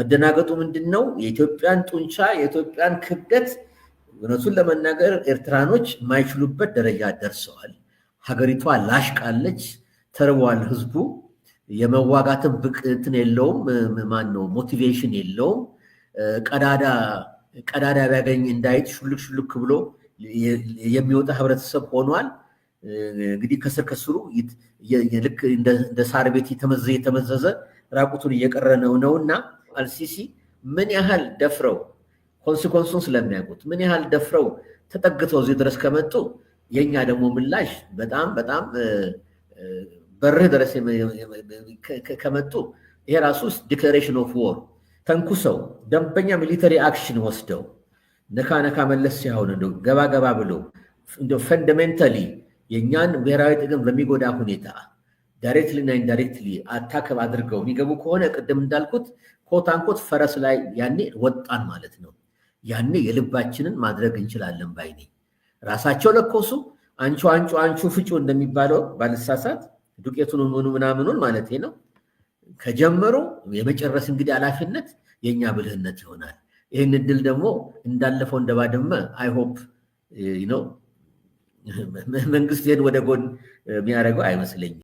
መደናገጡ ምንድን ነው? የኢትዮጵያን ጡንቻ የኢትዮጵያን ክብደት እውነቱን ለመናገር ኤርትራኖች የማይችሉበት ደረጃ ደርሰዋል። ሀገሪቷ ላሽቃለች፣ ተርቧል ህዝቡ። የመዋጋትን ብቅትን የለውም፣ ማን ነው ሞቲቬሽን የለውም። ቀዳዳ ቀዳዳ ቢያገኝ እንዳይት ሹልክ ሹልክ ብሎ የሚወጣ ህብረተሰብ ሆኗል። እንግዲህ ከስር ከስሩ ልክ እንደ ሳር ቤት የተመዘዘ ራቁቱን እየቀረ ነው ነውና አልሲሲ ምን ያህል ደፍረው ኮንሲኮንሱን ስለሚያውቁት ምን ያህል ደፍረው ተጠግተው እዚህ ድረስ ከመጡ የእኛ ደግሞ ምላሽ በጣም በጣም በርህ ድረስ ከመጡ ይሄ ራሱ ውስጥ ኦፍ ዎር ተንኩሰው ደንበኛ ሚሊተሪ አክሽን ወስደው ነካ ነካ መለስ ሲሆን ገባ ገባ ብሎ ፈንዳሜንታሊ የእኛን ብሔራዊ ጥቅም በሚጎዳ ሁኔታ ዳይሬክትሊ እና ኢንዳይሬክትሊ አታክ አድርገው የሚገቡ ከሆነ ቅድም እንዳልኩት ኮታንኮት ፈረስ ላይ ያኔ ወጣን ማለት ነው። ያኔ የልባችንን ማድረግ እንችላለን ባይኔ ራሳቸው ለኮሱ አንቹ አንቹ አንቹ ፍጩ እንደሚባለው ባልሳሳት ዱቄቱን ምኑ ምናምኑን ማለት ነው ከጀመሩ የመጨረስ እንግዲህ ኃላፊነት የእኛ ብልህነት ይሆናል። ይህን እድል ደግሞ እንዳለፈው እንደባደመ አይሆፕ ነው መንግስት ይህን ወደ ጎን የሚያደርገው አይመስለኝም።